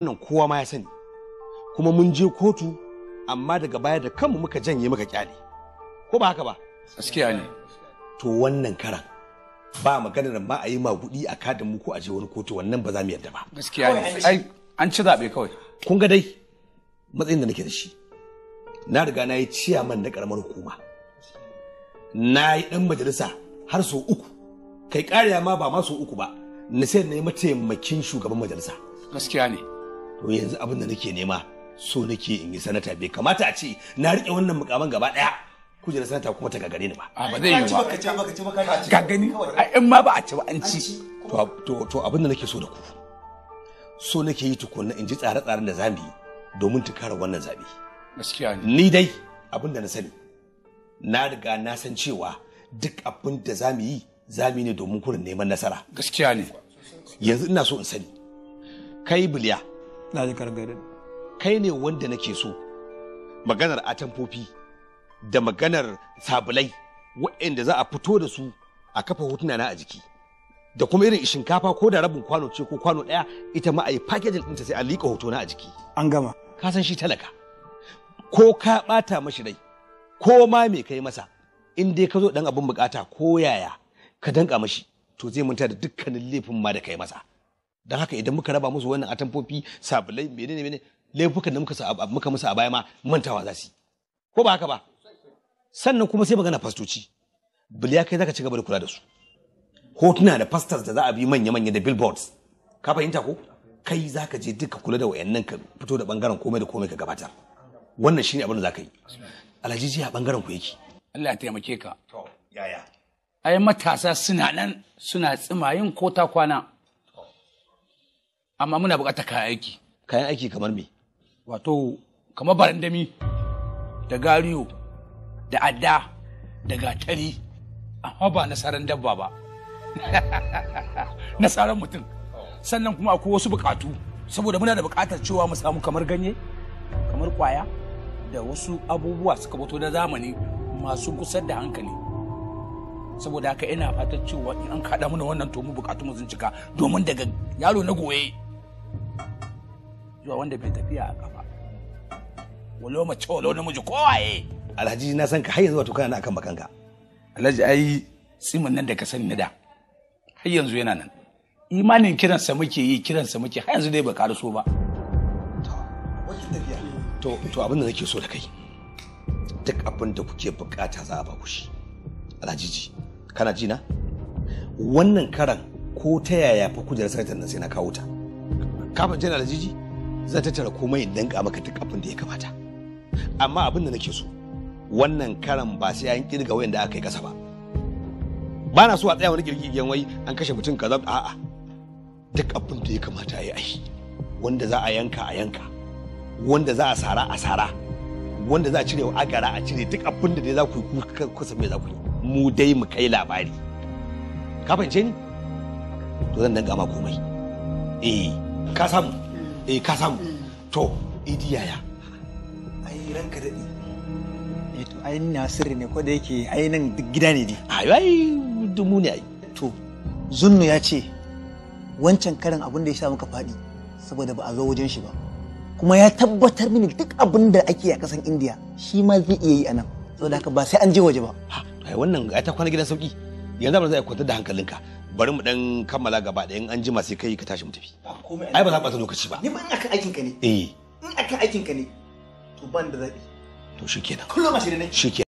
wannan kowa ma ya sani kuma mun je kotu amma daga baya da kanmu muka janye muka kyale ko ba haka ba gaskiya ne to wannan karan ba maganar ma a yi magudi a kadin mu ko a je wani kotu wannan ba za mu yarda ba gaskiya ne ai an ci zabe kawai kun ga dai matsayin da nake da shi na riga na yi ciyaman na karamar hukuma na yi dan majalisa har sau uku kai kariya ma ba ma sau uku ba na sai na yi mataimakin shugaban majalisa gaskiya ne to yanzu abin da nake nema so nake in yi sanata bai kamata a ce na rike wannan mukaman gaba ɗaya kujerar sanata kuma ta gagare ni ba ba zai yi ba ka gani in ma ba a ci ba an ci to abin da nake so da ku so nake yi tukunna in ji tsare-tsaren da zamu yi domin kare wannan zabe gaskiya ni dai abin da na sani na riga na san cewa duk abin da zamu yi zamu ne domin kurin neman nasara gaskiya ne yanzu ina so in sani kai biliya na ji gargarin kai ne wanda nake so maganar atamfofi da maganar sabulai waɗanda za a fito da su a kafa hotuna na a jiki da kuma irin shinkafa ko da rabin kwano ce ko kwano ɗaya ita ma a yi packaging ɗinta sai a liƙa hoto na a jiki an gama ka san shi talaka ko ka ɓata mashi rai ko ma me kai masa in dai ka zo ɗan abin bukata ko yaya ka danka mashi to zai manta da dukkanin laifin ma da kai masa don haka idan muka raba musu wannan atamfofi sabulai menene menene laifukan da muka muka musu a baya ma mantawa za su ko ba haka ba sannan kuma sai magana fastoci ya kai zaka ci gaba da kula da su hotuna da pastors da za a bi manya manya da billboards ka fahimta ko kai zaka je duka kula da wayannan ka fito da bangaren komai da komai ka gabatar wannan shine abin da zaka yi alhaji ji a bangaren ku yake Allah ya taimake ka to yaya ai matasa suna nan suna tsimayin ko ta kwana amma muna buƙatar kayan aiki kayan aiki kamar me wato kamar barandami da gariyo da adda da gatari amma ba nasarar dabba ba nasarar mutum sannan kuma akwai wasu bukatu saboda muna da bukatar cewa mu samu kamar ganye kamar kwaya da wasu abubuwa suka fito na zamani masu kusa da hankali saboda haka ina fatan cewa in an kaɗa mana wannan to mu bukatu mu cika domin daga yaro na goye zuwa wanda bai tafiya a kafa walo mace walo namiji kowaye alhaji na san ka har yanzu wato kana akan bakanka alhaji ai siman nan da ka sani na da har yanzu yana nan imanin kiran sa muke yi sa muke har yanzu dai ba karaso ba to to abin da nake so da kai duk abin da kuke bukata za a ba ku shi alhajiji kana ji na wannan karan ko ta yaya fa kujerar sarautar nan sai na kawo ta kafin jana alhajiji zan tattara komai in danka maka duk abin da ya kamata amma abin da nake so wannan karan ba sai an kirga wayan da aka yi kasa ba ba na so a tsaya wani yan wai an kashe mutum kaza a'a duk abin da ya kamata a yi wanda za a yanka a yanka wanda za a sara a sara wanda za a cire a gara a cire duk abin da dai za ku yi kusa me za ku yi mu dai mu kai labari ka fahimce ni to zan danga ma komai eh ka samu eh ka samu mm. to idi yaya ai ranka daɗi eh to ai na sirri ne ko da yake ai nan gida ne ne ai dumu ne ai to zunnu ya ce wancan karin abin da ya sa muka fadi saboda ba a zo wajen shi ba kuma ya tabbatar mini duk abin da ake a kasan indiya shi ma zai iya yi a nan saboda haka ba sai an je waje ba wannan ya ta kwana gidan sauki yanzu ba za a kwanta da hankalinka bari mu dan kammala gaba da in an jima sai kai ka tashi mu tafi ai ba za ka lokaci ba ni ba in kan aikin ka ne eh in akan aikin ka ne to ban da zabi to shikenan kullum ashirin ne shikenan